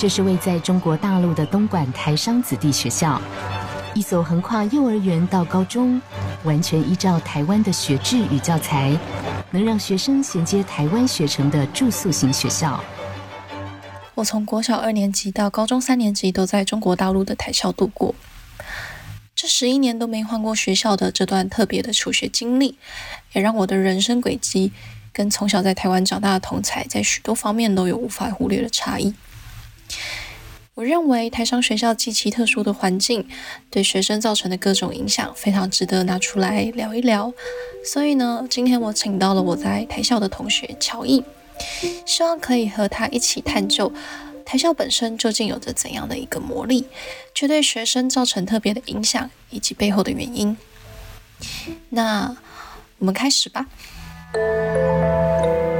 這是位在中國大陸的東莞台商子弟學校，一所橫跨幼兒園到高中，完全依照台灣的學制與教材，能讓學生銜接台灣學程的住宿型學校。我從國小二年級到高中三年級都在中國大陸的台校度過，這十一年都沒換過學校的這段特別的求學經歷，也讓我的人生軌跡跟從小在台灣長大的同儕在許多方面都有無法忽略的差異。我認為台商學校及其特殊的環境對學生造成的各種影響非常值得拿出來聊一聊，所以呢，今天我請到了我在台校的同學喬億，希望可以和他一起探究台校本身究竟有着怎樣的一個魔力，卻對學生造成特別的影響以及背後的原因。那我們開始吧。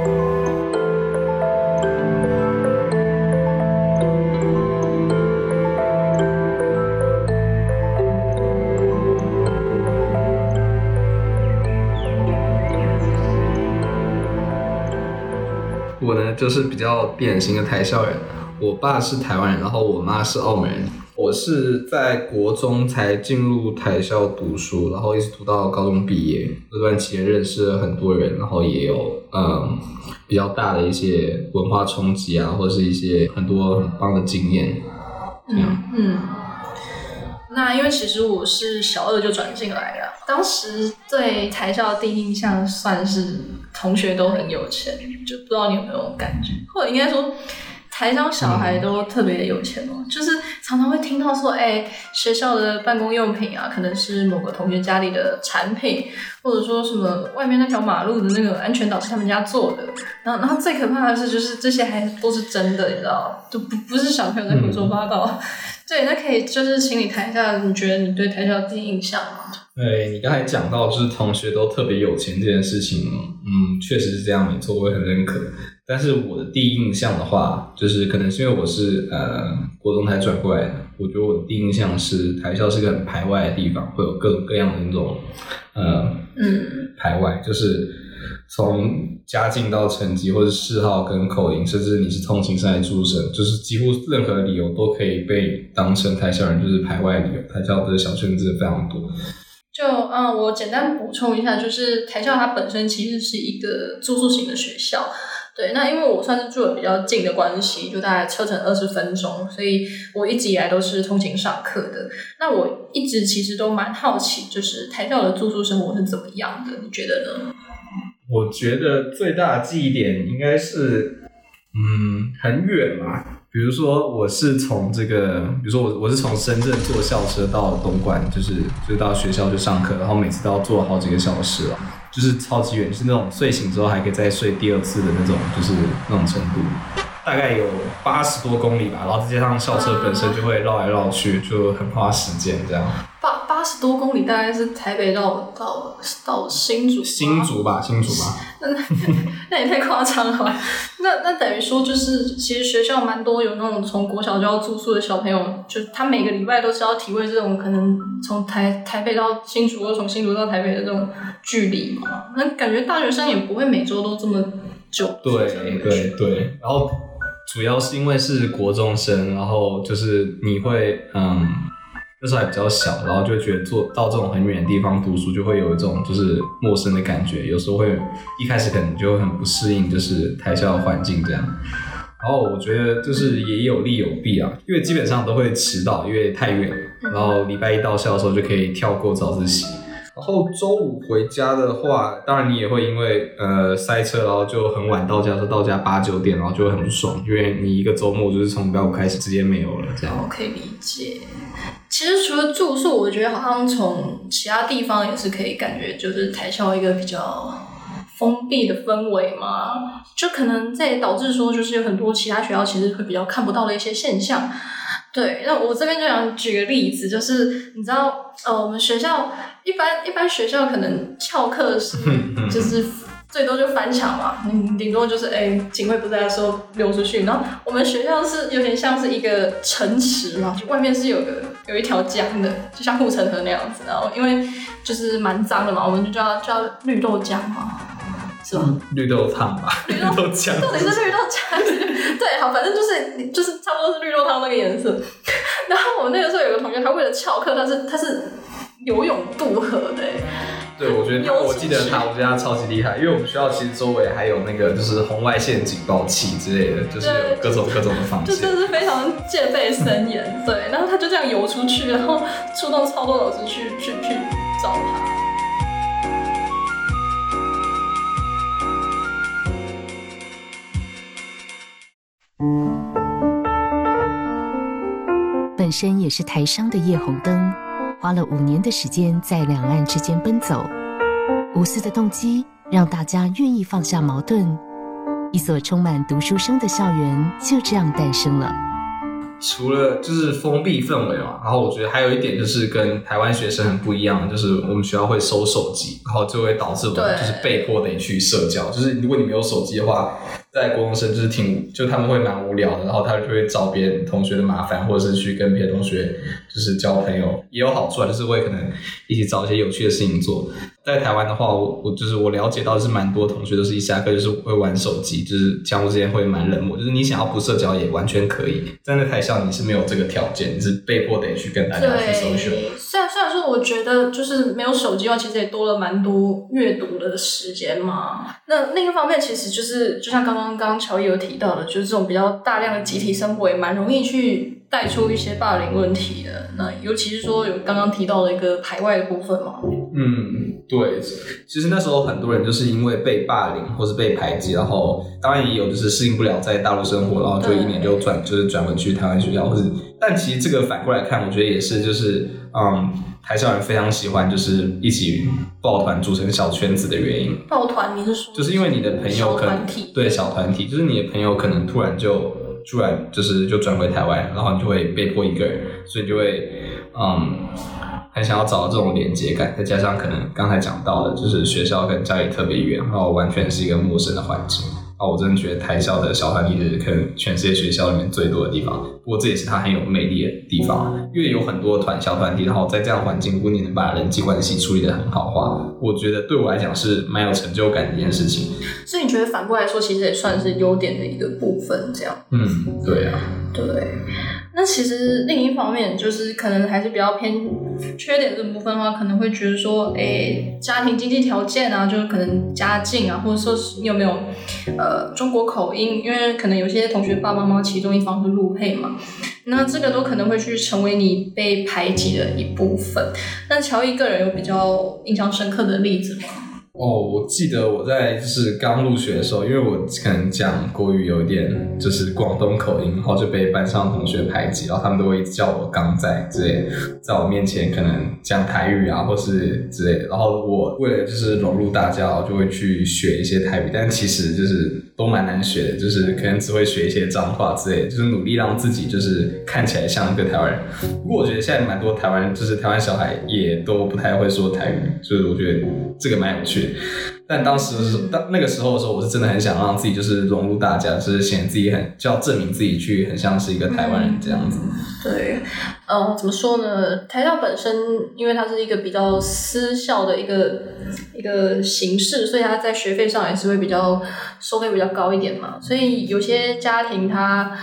我呢，就是比較典型的台校人。我爸是台灣人，然後我媽是澳門人。我是在國中才進入台校讀書，然後一直讀到高中畢業。這段期間認識了很多人，然後也有嗯比較大的一些文化衝擊啊，或是一些很多很棒的經驗。這樣嗯嗯。那因為其實我是小二就轉進來了，當時對台校的第一印象算是。同學都很有錢，就不知道你有沒有感覺，或者應該說，台商小孩都特別有錢哦、嗯。就是常常會聽到說，哎、欸，學校的辦公用品啊，可能是某個同學家裡的產品，或者說什麼外面那條馬路的那個安全島是他們家做的。然後，然後最可怕的是，就是這些還都是真的，你知道就不不是小朋友在胡說八道。嗯、 對，那可以就是請你談一下，你覺得你對台校第一印象嗎？對你剛才講到就是同學都特別有錢這件事情，嗯，確實是這樣，沒錯，我也很認可。但是我的第一印象的話，就是可能是因為我是呃國中才轉過來的，我覺得我的第一印象是台校是個很排外的地方，會有各種各樣的那種，嗯、呃、嗯，排外，就是從家境到成績或者是嗜好跟口音，甚至你是通勤生還是住宿生，就是幾乎任何的理由都可以被當成台校人，就是排外理由，台校的小圈子非常多。就嗯，我簡單補充一下，就是台校它本身其實是一個住宿型的學校，對。那因為我算是住的比較近的關係，就大概車程二十分鐘，所以我一直以來都是通勤上課的。那我一直其實都蠻好奇，就是台校的住宿生活是怎麼樣的？你覺得呢？我覺得最大的記憶點應該是，嗯，很遠嘛。比如說，我是從這個，比如說我我是從深圳坐校車到東莞，就是就是到學校就上課，然後每次都要坐好幾個小時了，就是超級遠，就是那種睡醒之後還可以再睡第二次的那種，就是那種程度。大概有八十多公里吧，然後再加上校車本身就會繞來繞去，就很花時間這樣。八十多公里大概是台北到到到新竹、新竹吧，新竹吧。 那那也太誇張了吧？那那等於說就是，其實學校蠻多有那種從國小就要住宿的小朋友，就他每個禮拜都是要體會這種可能從台台北到新竹，或從新竹到台北的這種距離嘛。那感覺大學生也不會每週都這麼久。對對對。然後主要是因為是國中生，然後就是你會嗯。那時候還比較小，然後就覺得坐到這種很遠的地方讀書，就會有一種就是陌生的感覺。有時候會一開始可能就很不適應，就是台校的環境這樣。然後我覺得就是也有利有弊啊，因為基本上都會遲到，因為太遠了。然後禮拜一到校的時候就可以跳過早自習。然後周五回家的話，當然你也會因為呃塞車，然後就很晚到家，就到家八九點，然後就很爽，因為你一個周末就是從周五開始直接沒有了，這樣可以理解。其實除了住宿，我覺得好像從其他地方也是可以感覺，就是台校一個比較封閉的氛圍嘛，就可能這也導致說，就是有很多其他學校其實會比較看不到的一些現象。對，那我這邊就想舉個例子，就是你知道，呃，我們學校一般一般，學校可能翹課是就是 最多就翻牆嘛，你、嗯、頂多就是哎、欸，警衛不在的時候溜出去。然後我們學校是有點像是一個城池嘛，就外面是有個有一條江的，就像護城河那樣子。然後因為就是蠻髒的嘛，我們就叫叫綠豆漿嘛。是、嗯、吧？綠豆湯吧，綠豆漿，到底是綠豆漿？ 對，好，反正就是就是差不多是綠豆湯那個顏色。然後我們那個時候有個同學，他為了翹課，他是他是游泳渡河的、欸。對，我覺得我記得他，我覺得他超級厲害，因為我們學校其實周圍還有那個就是紅外線警報器之類的，就是有各種各種的防線就真的是非常戒備森嚴。 對，然後他就這樣游出去，然後觸動超多老師去去去找他。本身也是台商的葉宏燈，花了五年的時間在兩岸之間奔走。無私的動機，讓大家願意放下矛盾。一所充滿讀書聲的校園就這樣誕生了。除了就是封閉氛圍嘛，然後我覺得還有一點就是跟台灣學生很不一樣，就是我們學校會收手機，然後就會導致我們就是被迫地去社交，就是如果你沒有手機的話。在國中生就是挺，就他們會蠻無聊的，然後他就會找別人同學的麻煩，或者是去跟別的同學就是交朋友，也有好處啊，就是會可能一起找一些有趣的事情做。在台灣的話，我我就是我了解到的是蠻多的同學都是一下課就是會玩手機，就是相互之間會蠻冷漠，就是你想要不社交也完全可以。但在台校你是沒有這個條件，你是被迫得去跟大家去 social。雖然雖然說我覺得就是沒有手機的話，其實也多了蠻多閱讀的時間嘛。那另一方面，其實就是就像剛剛。剛剛喬億有提到的，就是這種比較大量的集體生活也蠻容易去帶出一些霸凌問題的。那尤其是說有剛剛提到的一個排外的部分嘛。嗯，對。其實那時候很多人就是因為被霸凌或是被排擠，然後當然也有就是適應不了在大陸生活，然後就一年就轉，就是轉回去台灣學校。但但其實這個反過來看，我覺得也是就是。嗯、um,，台校人非常喜歡，就是一起抱團組成小圈子的原因。抱團，你是說？就是因為你的朋友可能小團體，對小團體，就是你的朋友可能突然就突然就是就轉回台灣，然後你就會被迫一個人，所以你就會嗯，很、um, 想要找到這種連接感。再加上可能剛才講到的，就是學校跟家裡特別遠，然後完全是一個陌生的環境。啊，我真的覺得台校的小團體是可能全世界學校裡面最多的地方，不過這也是它很有魅力的地方，因為有很多團小團體，然後在這樣環境，如果你能把人際關係處理得很好的話，我覺得對我來講是蠻有成就感的一件事情。所以你覺得反過來說，其實也算是優點的一個部分，這樣？嗯，對啊，對。那其實另一方面，就是可能還是比較偏缺點這部分的話，可能會覺得說，哎、欸，家庭經濟條件啊，就可能家境啊，或者說是你有沒有，呃，中國口音，因為可能有些同學爸爸媽媽其中一方是陸配嘛，那這個都可能會去成為你被排擠的一部分。但喬億個人有比較印象深刻的例子嗎？哦，我記得我在就是剛入學的時候，因為我可能講國語有點就是廣東口音，然後就被班上同學排擠，然後他們都會叫我剛在“剛仔”之類，在我面前可能講台語啊，或是之類，然後我為了就是融入大家，然後就會去學一些台語，但其實就是。都蠻難學的，就是可能只會學一些髒話之類的，就是努力讓自己就是看起來像一個台灣人。不過我覺得現在蠻多台灣人，就是台灣小孩也都不太會說台語，所以我覺得這個蠻有趣的。但當時，當那個時候的時候，我是真的很想讓自己就是融入大家，就是顯自己很就要證明自己去，去很像是一個台灣人這樣子。嗯。對，嗯，怎麼說呢？台校本身，因為它是一個比較私校的一個一個形式，所以它在學費上也是會比較收費比較高一點嘛。所以有些家庭他。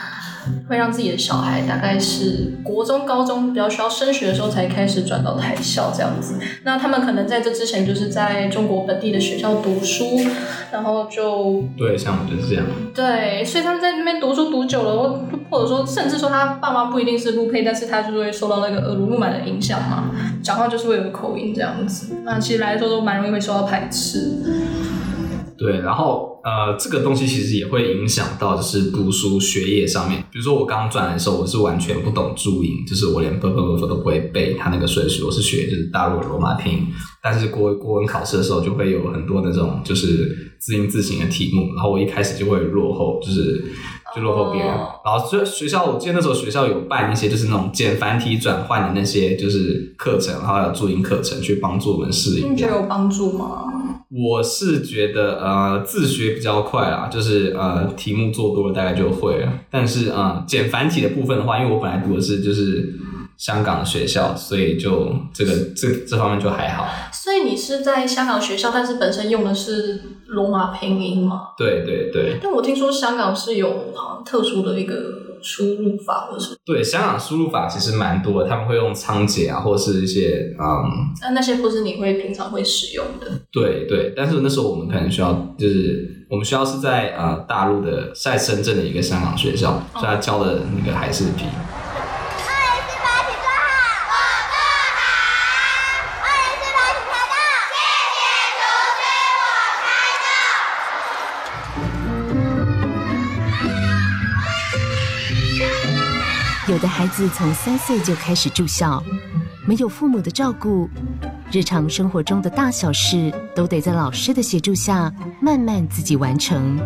會讓自己的小孩大概是國中、高中比較需要升學的時候才開始轉到台校這樣子。那他們可能在這之前就是在中國本地的學校讀書，然後就對，像我就是這樣。對，所以他們在那邊讀書讀久了，或者說甚至說他爸媽不一定是陸配，但是他就是會受到那個耳濡目染的影響嘛，講話就是會有口音這樣子。那其實來的時候都蠻容易會受到排斥。對，然後呃，這個東西其實也會影響到就是讀書學業上面。比如說我剛剛轉來的時候，我是完全不懂注音，就是我連 “ㄅㄆㄇㄈ” 都不會背，他那個順序我是學就是大陸的羅馬拼音。但是過過文考試的時候，就會有很多那種就是字音字形的題目，然後我一開始就會落後，就是就落後別人、哦。然後學學校我記得那時候學校有辦一些就是那種簡繁體轉換的那些就是課程，然後還有注音課程去幫助我們適應。你覺得有幫助嗎？我是覺得呃自學比較快啊，就是呃題目做多了大概就會了。但是啊、呃，簡繁體的部分的話，因為我本來讀的是就是香港的學校，所以就這個這這方面就還好。所以你是在香港學校，但是本身用的是羅馬拼音嗎？對對對。但我聽說香港是有特殊的一個。輸入法或，或對，香港輸入法其實蠻多的，他們會用倉頡啊，或者是一些嗯、那、啊、那些不是你會平常會使用的。對對，但是那時候我們可能需要，就是我們需要是在呃大陸的，在深圳的一個香港學校，所以他教的那個還是比我的孩子從三歲就開始住校，沒有父母的照顧，日常生活中的大小事都得在老師的協助下慢慢自己完成。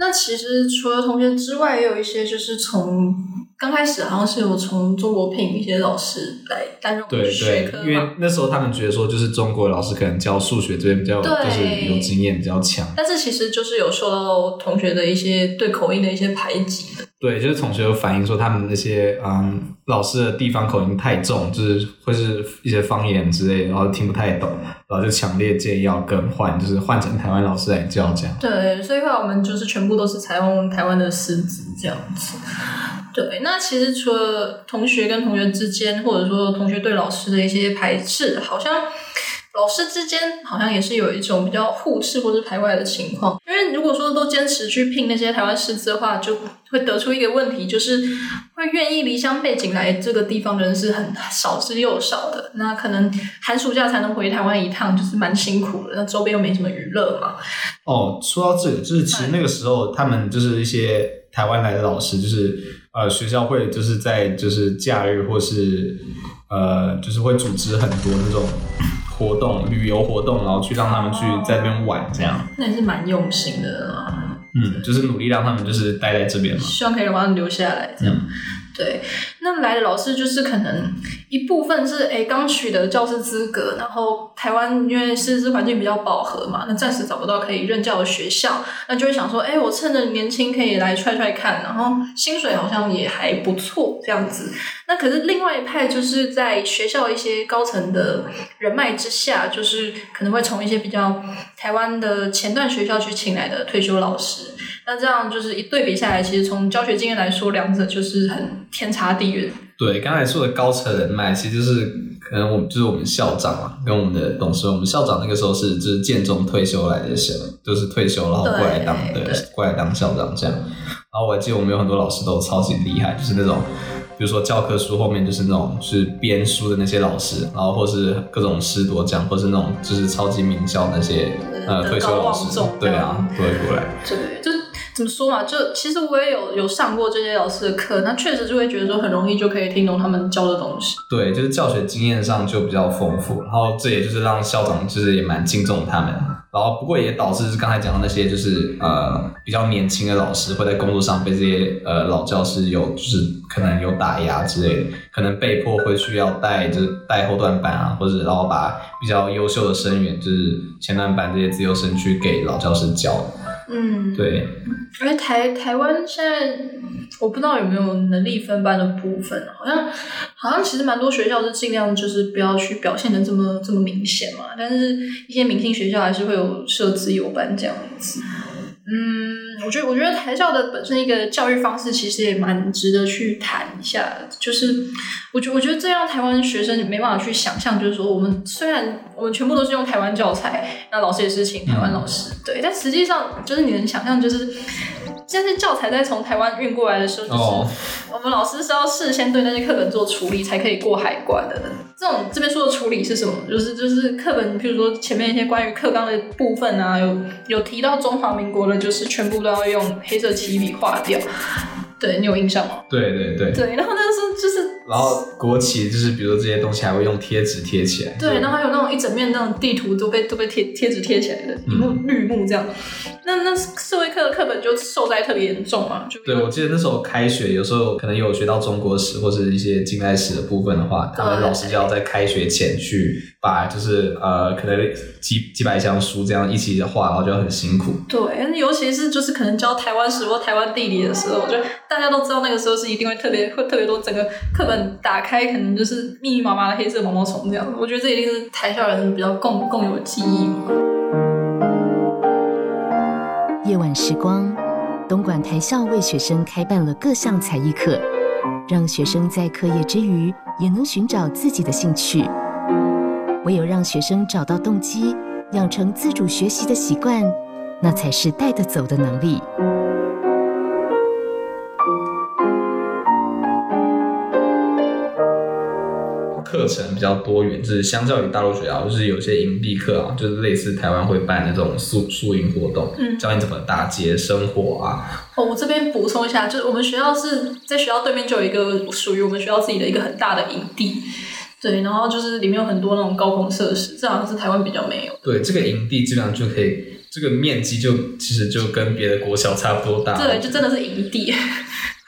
那其實除了同學之外，也有一些就是從剛開始好像是有從中國聘一些老師來擔任，對，學科，對，因為那時候他們覺得說就是中國老師可能教數學這邊比較就是有經驗比較強，但是其實就是有受到同學的一些對口音的一些排擠的。對，就是同學有反映說，他們那些嗯，老師的地方口音太重，就是會是一些方言之類，然後聽不太懂，然後就強烈建議要更換，就是換成台灣老師來教這樣。對，所以話我們就是全部都是採用台灣的師資這樣子。對，那其實除了同學跟同學之間，或者說同學對老師的一些排斥，好像。老師之間好像也是有一種比較互斥或是排外的情況，因為如果說都堅持去聘那些台灣師資的話，就會得出一個問題，就是會願意離鄉背井來這個地方的人是很少之又少的。那可能寒暑假才能回台灣一趟，就是蠻辛苦的。那周邊又沒什麼娛樂嘛。哦，說到這裡，就是其實那個時候他們就是一些台灣來的老師，就是呃，學校會就是在就是假日或是呃，就是會組織很多那種。活動、旅遊活動，然後去讓他們去在那邊玩，這樣、哦。那也是蠻用心的、啊、嗯，就是努力讓他們就是待在這邊嘛，希望可以把他們留下來這樣。嗯對，那來的老師就是可能一部分是哎、欸、剛取得教師資格，然後台灣因為師資環境比較飽和嘛，那暫時找不到可以任教的學校，那就會想說哎、欸、我趁着年輕可以來踹踹看，然後薪水好像也還不錯這樣子。那可是另外一派就是在學校一些高層的人脈之下，就是可能會從一些比較台灣的前段學校去請來的退休老師。那這樣就是一對比下來，其實從教學經驗來說，兩者就是很天差地遠。對，剛才說的高層人脈，其實就是可能我們就是我們校長嘛、啊，跟我們的董事。我們校長那個時候是就是建中退休來的，時候。就是退休然後過來當對,對,對,對，過來當校長這樣。然後我還記得我們有很多老師都超級厲害，就是那種、嗯、比如說教科書後面就是那種、就是編書的那些老師，然後或是各種師鐸獎，或是那種就是超級名校那些、嗯、呃的退休老師，對啊，對、嗯，都會過來，對怎麼說嘛？就其實我也有有上過這些老師的課，那確實就會覺得說很容易就可以聽懂他們教的東西。對，就是教學經驗上就比較豐富，然後這也就是讓校長就是也蠻敬重他們。然後不過也導致剛才講的那些就是呃比較年輕的老師會在工作上被這些呃老教師有就是可能有打壓之類的，可能被迫會需要帶就是帶後段班啊，或者然後把比較優秀的生源就是前段班這些資優生去給老教師教。嗯，對。因為台台灣現在我不知道有沒有能力分班的部分，好像好像其實蠻多學校是盡量就是不要去表現的這麼這麼明顯嘛，但是一些明星學校還是會有設資優班這樣子。嗯，我覺得我覺得台校的本身一個教育方式，其實也蠻值得去談一下。就是，我覺得我覺得這樣台灣學生沒辦法去想象，就是說我們雖然我們全部都是用台灣教材，那老師也是請台灣老師，嗯、對，但實際上就是你能想象就是。就是教材在從台灣運過來的時候，就是我們老師是要事先對那些課本做處理，才可以過海關的。這種這邊說的處理是什麼？就是就是課本，比如說前面一些關於課綱的部分啊，有有提到中華民國的，就是全部都要用黑色奇異筆畫掉。對你有印象嗎？對對對。對，然後那時候就是。然後國旗就是，比如說這些東西還會用貼紙貼起來。對，對，然後還有那種一整面那種地圖都被都被貼貼紙貼起來的一幕、嗯、綠幕這樣。那那社會課的課本就受災特別嚴重嘛，就對，我記得那時候開學，有時候可能有學到中國史或是一些近代史的部分的話，他們老師就要在開學前去把就是呃可能幾幾百箱書這樣一起的畫，然後就很辛苦。對，尤其是就是可能教台灣史或台灣地理的時候，我覺得大家都知道那個時候是一定會特別會特別多整個課本打開可能就是密密麻麻的黑色毛毛蟲這樣，我覺得這一定是台校人比較共共有記憶。夜晚時光，東莞台校為學生開辦了各項才藝課，讓學生在課業之餘也能尋找自己的興趣。唯有讓學生找到動機，養成自主學習的習慣，那才是帶得走的能力。課程比較多元，就是相較於大陸學校，就是有些營地課啊，就是類似台灣會辦的這種宿宿營活動，教你怎麼打結、生活啊、嗯。哦，我這邊補充一下，就是我們學校是在學校對面就有一個屬於我們學校自己的一個很大的營地，對，然後就是裡面有很多那種高空設施，這好像是台灣比較沒有。對，這個營地基本上就可以，這個面積就其實就跟別的國小差不多大，對，就真的是營地。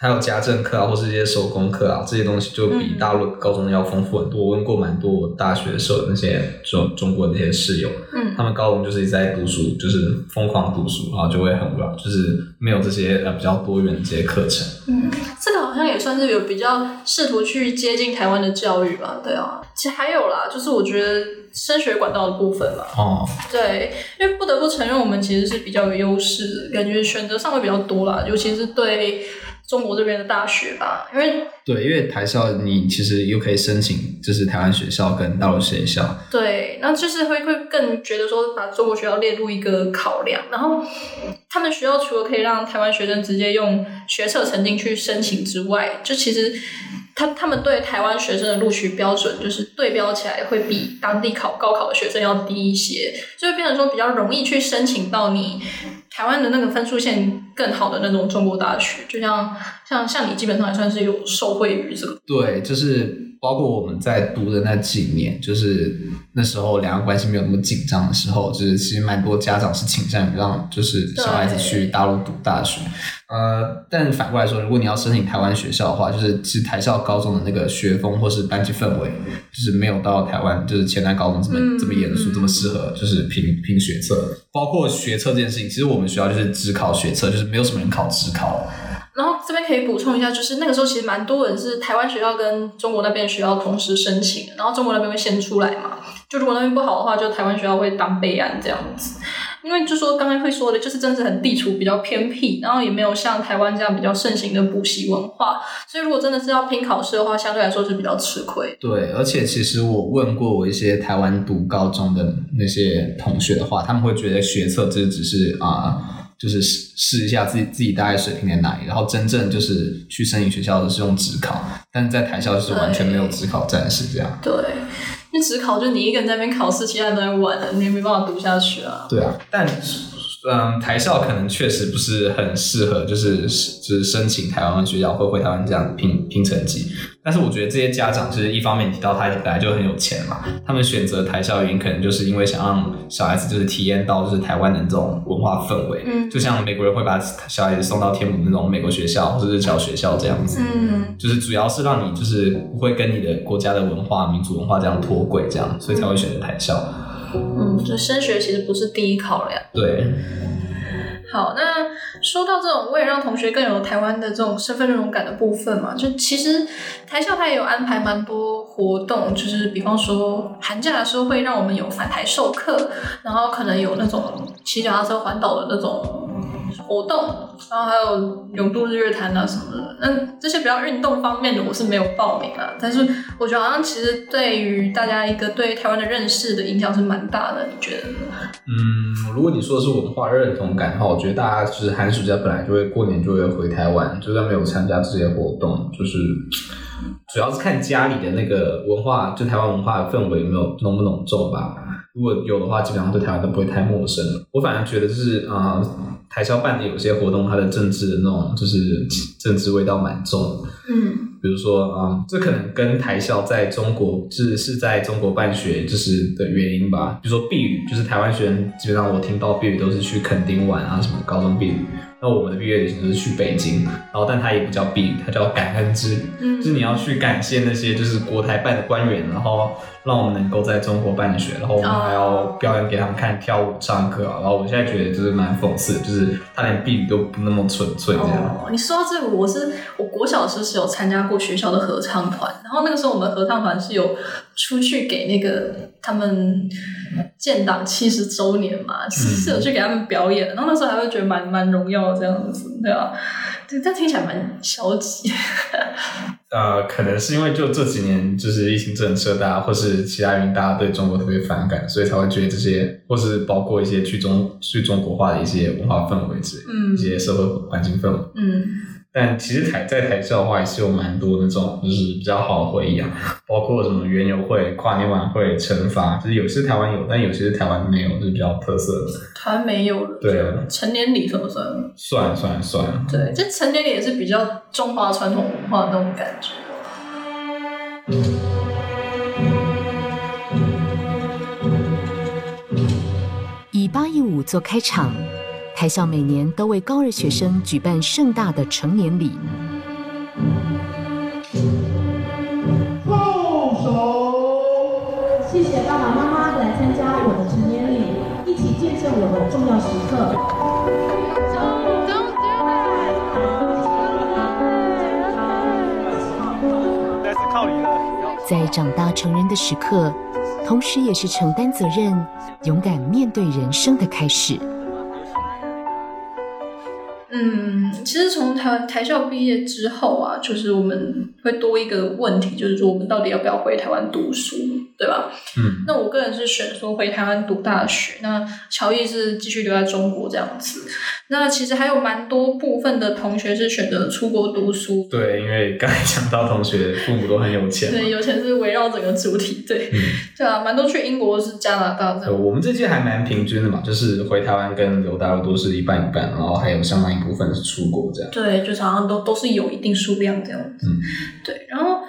還有家政課啊，或是一些手工課啊，這些東西就比大陸高中要豐富很多。嗯、我問過蠻多大學的時候，那些中中國的那些室友，嗯，他們高中就是一直在讀書，就是瘋狂讀書、啊，然後就會很無聊，就是沒有這些呃比較多元的這些課程。嗯，這個好像也算是有比較試圖去接近台灣的教育吧。對啊，其實還有啦，就是我覺得升學管道的部分嘛。哦，對，因為不得不承認，我們其實是比較有優勢，感覺選擇上會比較多啦，尤其是對。中國這邊的大學吧，因為對，因為台校你其實又可以申請，就是台灣學校跟大陸學校。對，那就是會會更覺得說，把中國學校列入一個考量。然後他們學校除了可以讓台灣學生直接用學測成績去申請之外，就其實他他們對台灣學生的錄取標準，就是對標起來會比當地考高考的學生要低一些，就會變成說比較容易去申請到你，台灣的那個分數線更好的那種中國大學，就像像像你基本上還算是有受惠於這個。對，就是。包括我們在讀的那幾年，就是那時候兩岸關係沒有那麼緊張的時候，就是其實蠻多家長是傾向讓就是小孩子去大陸讀大學，呃，但反過來說，如果你要申請台灣學校的話，就是其實台校高中的那個學風或是班級氛圍，就是沒有到台灣就是前南高中這麼、嗯、這麼嚴肅、嗯、這麼適合，就是拼拼學測，包括學測這件事情，其實我們學校就是只考學測，就是沒有什麼人考指考。然後這邊可以補充一下，就是那個時候其實蠻多人是台灣學校跟中國那邊學校同時申請，然後中國那邊會先出來嘛。就如果那邊不好的話，就台灣學校會當備案這樣子。因為就說剛剛會說的，就是真的是很地處比較偏僻，然後也沒有像台灣這樣比較盛行的補習文化，所以如果真的是要拼考試的話，相對來說是比較吃虧。對，而且其實我問過我一些台灣讀高中的那些同學的話，他們會覺得學測這只是啊。呃就是試試一下自己自己大概水平在哪裡，然後真正就是去申請學校的是用指考，但是在台校就是完全沒有指考這件事這樣。對，那指考就你一個人在那邊考試，其他人都在玩了，你也沒辦法讀下去啊。對啊，但。嗯，台校可能確實不是很適合，就是是就是申請台灣的學校或回台灣這樣拼拼成績。但是我覺得這些家長其實一方面提到他本來就很有錢嘛，他們選擇台校原因可能就是因為想讓小孩子就是體驗到就是台灣的這種文化氛圍。嗯，就像美國人會把小孩子送到天母那種美國學校或者是小學校這樣子，嗯，就是主要是讓你就是不會跟你的國家的文化、民族文化這樣脫軌這樣，所以才會選擇台校。嗯，就升學其實不是第一考量。對。好，那說到這種為了讓同學更有台灣的這種身份認同感的部分嘛，就其實台校它也有安排蠻多活動，就是比方說寒假的時候會讓我們有返台授課，然後可能有那種騎腳踏車環島的那種。活動，然後還有泳渡日月潭啊什麼的，那這些比較運動方面的我是沒有報名啊。但是我覺得好像其實對於大家一個對於台灣的認識的影響是蠻大的，你覺得呢？嗯，如果你說的是文化認同感的話，我覺得大家就是寒暑假本來就會過年就會回台灣，就算沒有參加這些活動，就是主要是看家裡的那個文化，就台灣文化的氛圍有沒有濃不濃重吧。如果有的話，基本上對台灣都不會太陌生。我反而覺得、就是啊。呃台校辦的有些活動，它的政治的那種就是政治味道蠻重的。嗯，比如說啊，這、嗯、可能跟台校在中國、就是是在中國辦學就是的原因吧。比如說畢旅，就是台灣學生基本上我聽到畢旅都是去墾丁玩啊什麼高中畢旅。那我們的畢業旅行就是去北京，然後但他也不叫畢業，他叫感恩之旅、嗯，就是你要去感謝那些就是國台辦的官員，然後讓我們能夠在中國辦學，然後我們還要表演給他們看、哦、跳舞、唱歌。然後我現在覺得就是蠻諷刺，就是他連畢業都不那麼純粹，這樣、哦、這樣。你說到這個，我是我國小的時候是有參加過學校的合唱團，然後那個時候我們合唱團是有。出去給那個他們建黨七十周年嘛，是是有去給他們表演、嗯，然後那時候還會覺得蠻蠻榮耀的這樣子，對吧？對，但聽起來蠻消極。 呃，可能是因為就這幾年就是疫情政策大家，家或是其他原因，大家對中國特別反感，所以才會覺得這些，或是包括一些去中去中國化的一些文化氛圍之類、嗯，一些社會環境氛圍，嗯。嗯但其實台在台校的話，也是有蠻多的那種就是比較好的回憶啊，包括什麼園遊會、跨年晚會、懲罰，就是有些台灣有，但有些是台灣沒有，就是比較特色的。台灣沒有。對啊。成年禮算不算？算算算。對，這成年禮也是比較中華傳統文化的那種感覺。嗯嗯嗯嗯、以八佾舞做開場。台校每年都為高二學生舉辦盛大的成年禮。放手，謝謝爸爸媽媽來參加我的成年禮，一起見證我的重要時刻。在長大成人的時刻，同時也是承擔責任、勇敢面對人生的開始。其實從台灣台校畢業之後啊，就是我們會多一個問題，就是說我們到底要不要回台灣讀書？對吧？嗯，那我個人是選說回台灣讀大學，那喬億是繼續留在中國這樣子。那其實還有蠻多部分的同學是選擇出國讀書。對，因為剛才講到同學 父母都很有錢，對，有錢是圍繞整個主體，對、嗯，對啊，蠻多去英國是加拿大這樣子。對，我們這屆還蠻平均的嘛，就是回台灣跟留大陸都是一半一半，然後還有相當一部分是出國這樣。對，就常常都都是有一定數量這樣子。嗯、對，然後。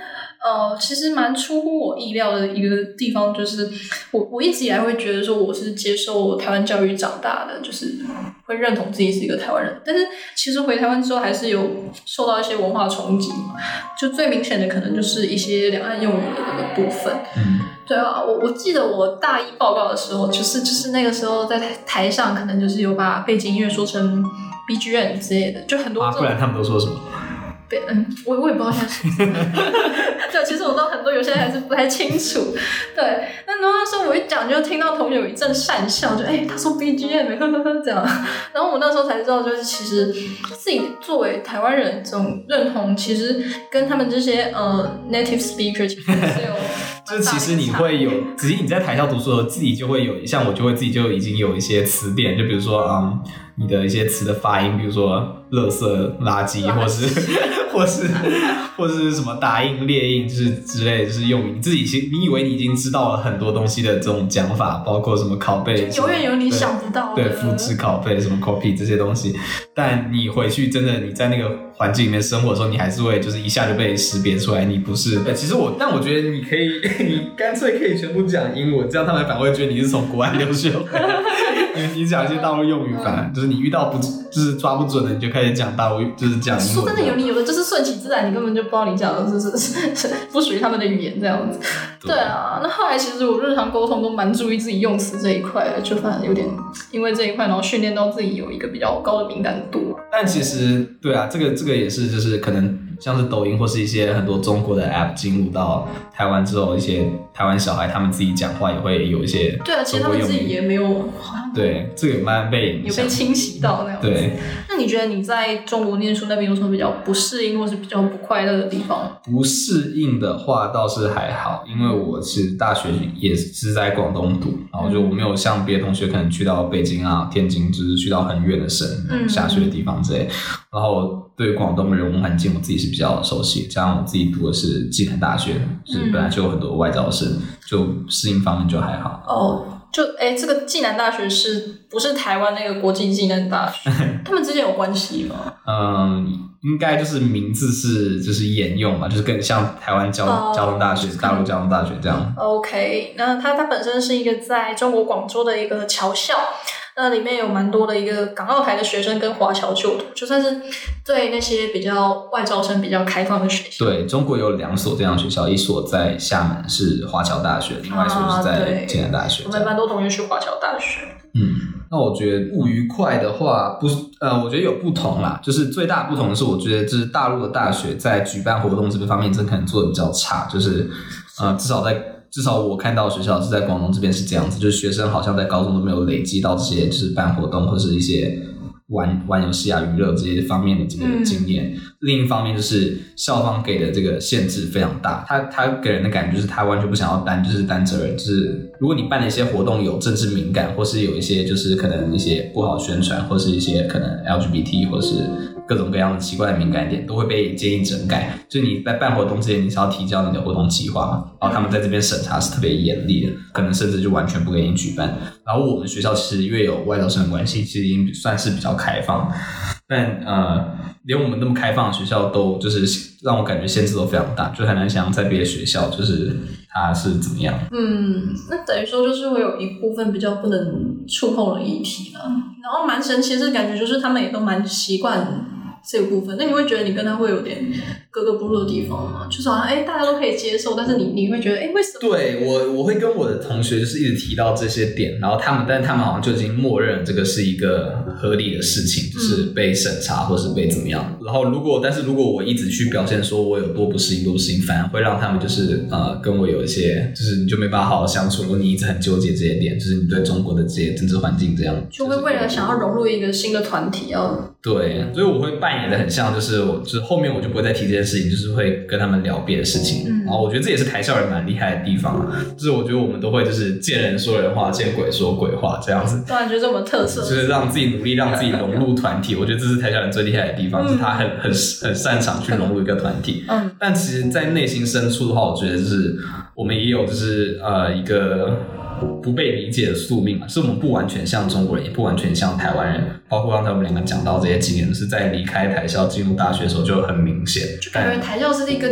呃，其實蠻出乎我意料的一個地方，就是我我一直以來會覺得說我是接受台灣教育長大的，就是會認同自己是一個台灣人。但是其實回台灣之後，還是有受到一些文化衝擊嘛。就最明顯的，可能就是一些兩岸用語的那個部分。嗯。對啊，我我記得我大一報告的時候，就是就是那個時候在台上，可能就是有把背景音樂說成 BGM 之類的，就很多這種。啊，不然他們都說什麼？嗯，我我也不知道他是 對，其實我知道很多有些人還是不太清楚。對，那那時候我一講就聽到同學有一陣訕笑，就哎、欸，他說 B G M，這樣。然後我那時候才知道，就是其實自己作為台灣人，這種認同其實跟他們這些呃 native speaker 其實是有。 就其實你會有，只是你在台校讀書的時候，自己就會有，像我就會自己就已經有一些詞典，就比如說嗯，你的一些詞的發音，比如說“垃圾”“垃圾”或是。或是，或是什麼打印、列印，就是之類，就是用你自己，你以為你已經知道了很多東西的這種講法，包括什麼拷貝，永遠有你想不到，對，對，複製、拷貝什麼 copy 這些東西，但你回去真的你在那個。環境裡面生活的時候，你還是會就是一下就被識別出來，你不是。呃，其實我，但我覺得你可以，你乾脆可以全部講英文，這樣他們反而會覺得你是從國外優秀。 你講一些大陸用語吧，嗯，反而就是你遇到不就是抓不準的，你就開始講大陸，就是講。說真的有，有你有的就是順其自然，你根本就不知道你講的是是是不屬於他們的語言這樣子。對啊，那後來其實我日常溝通都蠻注意自己用詞這一塊的，就反正有點因為這一塊，然後訓練到自己有一個比較高的敏感度。但其實對啊，這個這個也是，就是可能像是抖音或是一些很多中國的 app 進入到台灣之後一些。台灣小孩他們自己講話也會有一些，對啊，其實他們自己也沒有對，這個慢慢被有被清洗到那樣子。對，那你覺得你在中國念書那邊有什麼比較不適應或是比較不快樂的地方？不適應的話倒是還好，因為我其實大學也是在廣東讀，然後就沒有像別的同學可能去到北京啊、天津，就是去到很遠的省、嗯、下雪的地方之類。然後對廣東的人文環境，我自己是比較熟悉，加上我自己讀的是暨南大學，是本來就有很多外教生。就適應方面就還好。哦、oh,，就、欸、誒，這個暨南大學是不是台灣那個國際暨南大學？他 們之間有關係嗎？嗯、um,，應該就是名字是就是沿用嘛，就是更像台灣交交通大學、oh, okay. 大陸交通大學這樣。OK，那它它本身是一個在中國廣州的一個僑校。那裡面有蠻多的一個港澳台的學生跟華僑就讀，就算是對那些比較外招生比較開放的學校。對，中國有兩所這樣的學校，一所在廈門是華僑大學，另外一所是在暨南大學。啊、我們蠻多同學去華僑大學。嗯，那我覺得不愉快的話不是呃，我覺得有不同啦，就是最大不同的是，我覺得就是大陸的大學在舉辦活動這個方面，真可能做的比較差，就是呃至少在。至少我看到學校是在廣東這邊是這樣子，就是學生好像在高中都沒有累積到這些，就是辦活動或是一些玩玩遊戲啊、娛樂這些方面的這個經驗。嗯。另一方面就是校方給的這個限制非常大，他他給人的感覺就是他完全不想要擔，就是擔責任，就是如果你辦的一些活動有政治敏感，或是有一些就是可能一些不好宣傳，或是一些可能 LGBT 或是。各種各樣的奇怪的敏感點都會被建議整改。就你在辦活動之前，你是要提交你的活動計劃嘛？然後他們在這邊審查是特別嚴厲的，可能甚至就完全不給你舉辦。然後我們學校其實因為有外招生的關係，其實已經算是比較開放。但呃，連我們那麼開放的學校，都就是讓我感覺限制都非常大，就很難想象在別的學校就是他是怎麼樣。嗯，那等於說就是會有一部分比較不能觸碰的議題了。然後蠻神奇的感覺就是他們也都蠻習慣這個部分，那你會覺得你跟他會有點格格不入的地方嗎？就是好像哎，大家都可以接受，但是你你會覺得哎，為什麼？對我我會跟我的同學就是一直提到這些點，然後他們，但他們好像就已經默認這個是一個合理的事情，就是被審查或是被怎麼樣。嗯、然後如果，但是如果我一直去表現說我有多不適應、多不適應反而會讓他們就是呃跟我有一些就是你就沒辦法好好相處。如果你一直很糾結這些點，就是你對中國的這些政治環境這樣，就會為了想要融入一個新的團體要、啊、對，所以我會拜。演的很像，就是我，就是後面我就不會再提這件事情，就是會跟他們聊別的事情、嗯。然後我覺得這也是台校人蠻厲害的地方、啊、嗯，就是我覺得我們都會就是見人說人話，見鬼說鬼話這樣子。當然覺得我們特色，就是讓自己努力讓自己融入團體。嗯、我覺得這是台校人最厲害的地方，嗯，就是他很很很擅長去融入一個團體。嗯，但其實，在內心深處的話，我覺得就是我們也有就是呃一個。不被理解的宿命嘛，是我們不完全像中國人，也不完全像台灣人。包括剛才我們兩個講到這些經驗，是在離開台校進入大學的時候就很明顯。就感覺台校是一個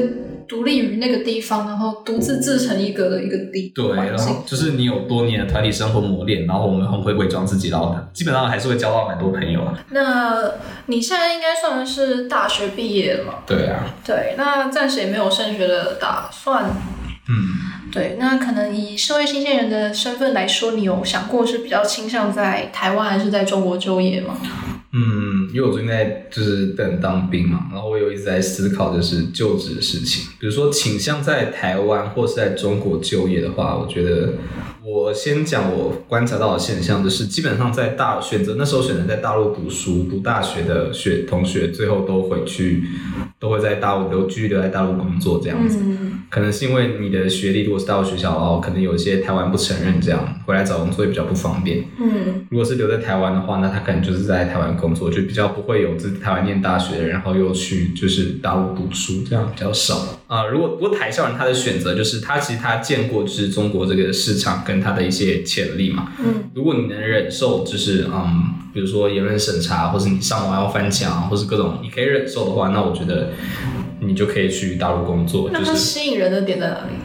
獨立於那個地方，然後獨自自成一格的一個地。對啊，然後就是你有多年的團體生活磨練，然後我們很會偽裝自己的，然後基本上還是會交到蠻多朋友啊。那你現在應該算是大學畢業了嘛？對啊。對，那暫時也沒有升學的打算。嗯。對，那可能以社會新鮮人的身份來說，你有想過是比較傾向在台灣還是在中國就業嗎？嗯，因為我最近在就是等當兵嘛，然後我又一直在思考就是就職的事情。比如說傾向在台灣或是在中國就業的話，我覺得。我先講我觀察到的現象，就是基本上在大選擇那時候選擇在大陸讀書讀大學的學同學，最後都回去，都會在大陸留，繼續留在大陸工作這樣子。嗯、可能是因為你的學歷如果是大陸學校哦，然後可能有些台灣不承認這樣，回來找工作也比較不方便、嗯。如果是留在台灣的話，那他可能就是在台灣工作，就比較不會有自台灣念大學，然後又去就是大陸讀書，這樣比較少。啊、呃，如果不過台校人他的選擇就是他其實他見過就是中國這個市場跟他的一些潛力嘛。嗯，如果你能忍受就是嗯，比如說言論審查，或是你上網要翻牆，或是各種你可以忍受的話，那我覺得你就可以去大陸工作。那、嗯就是，那他吸引人的點在哪裡？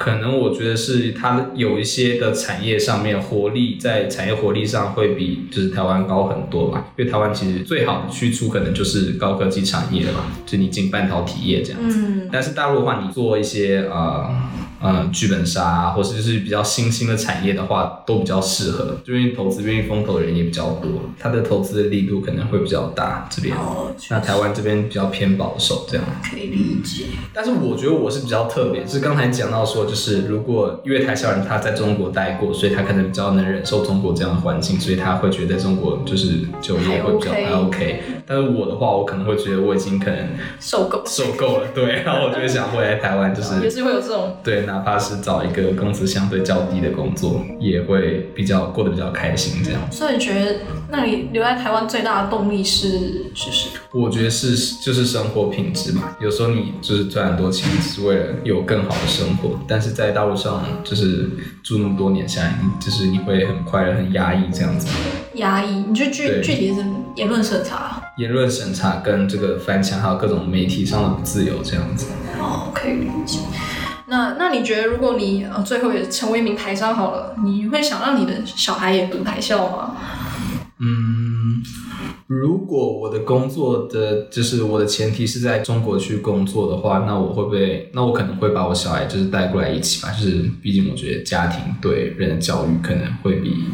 可能我覺得是它有一些的產業上面活力，在產業活力上會比就是台灣高很多吧，因為台灣其實最好的去處可能就是高科技產業吧，就你進半導體業這樣子，嗯。但是大陸的話，你做一些啊。呃嗯，劇本殺啊，或是就是比較新興的產業的話，都比較適合，因為就是投資願意風投的人也比較多，他的投資的力度可能會比較大。這邊，那台灣這邊比較偏保守，這樣。可以理解。但是我覺得我是比較特別，就是剛才講到說，就是如果因為台校人他在中國待過，所以他可能比較能忍受中國這樣的環境，所以他會覺得在中國就是就業會比較還 OK。還 OK 但是我的話，我可能會覺得我已經可能受夠受夠了，對，然後我就想回來台灣，就是也是會有這種對，哪怕是找一個工資相對較低的工作，也會比較過得比較開心這樣。嗯，所以你覺得那你留在台灣最大的動力是其實，我覺得是就是生活品質嘛。有時候你就是賺很多錢，就是為了有更好的生活，但是在大陸上就是住那麼多年下來，就是你會很快樂，很壓抑這樣子。壓抑？你就具具體是言論審查？言論審查跟這個翻牆，還有各種媒體上的不自由，這樣子。Okay。哦，可以理解。那那你覺得，如果你呃最後也成為一名台商好了，你會想讓你的小孩也讀台校嗎？嗯，如果我的工作的就是我的前提是在中國去工作的話，那我會不會？那我可能會把我小孩就是帶過來一起吧。就是畢竟我覺得家庭對人的教育可能會比。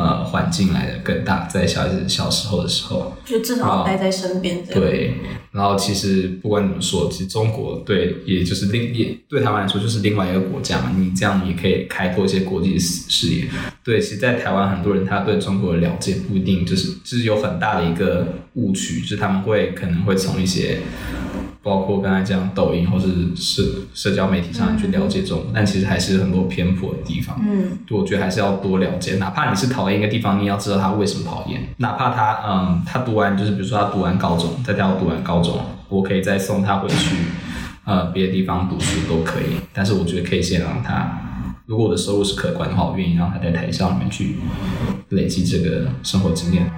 呃、嗯，環境來的更大，在小孩子小時候的時候，就正好待在身邊，嗯，對。然後其實不管怎麼說，其實中國對，也就是另也對台灣來說就是另外一個國家嘛。你這樣也可以開拓一些國際視野。對，其實，在台灣很多人他對中國的了解不一定就是，就是有很大的一個誤區，就是他們會可能會從一些，包括剛才講抖音或者是社社交媒體上去了解中國，嗯，但其實還是很多偏頗的地方。嗯對，我覺得還是要多了解，哪怕你是討厭一個地方，你也要知道他為什麼討厭。哪怕他嗯，他讀完就是比如說他讀完高中，在大陸讀完高。我可以再送他回去，呃，別的地方讀書都可以。但是我覺得可以先讓他，如果我的收入是可觀的話，我願意讓他在台校裡面去累積這個生活經驗。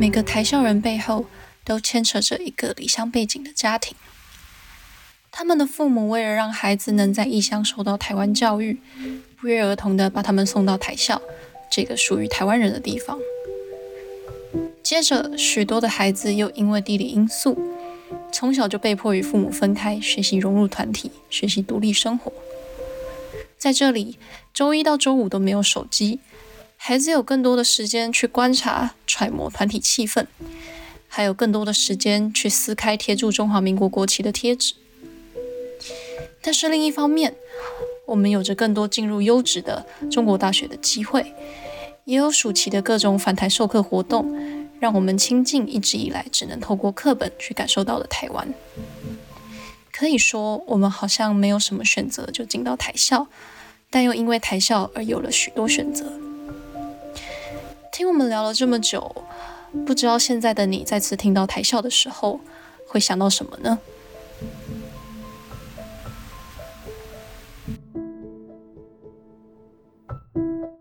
每個台校人背後都牽扯着一個離鄉背井的家庭，他們的父母為了讓孩子能在異鄉受到台灣教育。不約而同地把他們送到台校，這個屬於台灣人的地方。接着，許多的孩子又因為地理因素，從小就被迫與父母分開，學習融入團體，學習獨立生活。在這裡，周一到周五都沒有手機，孩子有更多的時間去觀察、揣摩團體氣氛，還有更多的時間去撕開貼住中華民國國旗的貼紙。但是另一方面，我們有着更多進入優質的中國大學的機會，也有暑期的各種返台授課活動，讓我們親近一直以來只能透過課本去感受到的台灣。可以說，我們好像沒有什麼選擇就進到台校，但又因為台校而有了許多選擇。聽我們聊了這麼久，不知道現在的你再次聽到台校的時候，會想到什麼呢？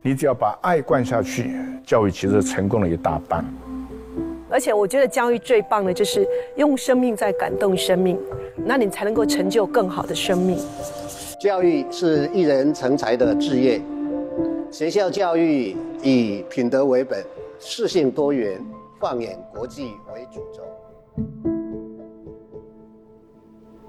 你只要把愛灌下去，教育其實成功了一大半。而且我覺得教育最棒的就是用生命在感動生命，那你才能夠成就更好的生命。教育是一人成才的職業，學校教育以品德為本，適性多元，放眼國際為主軸。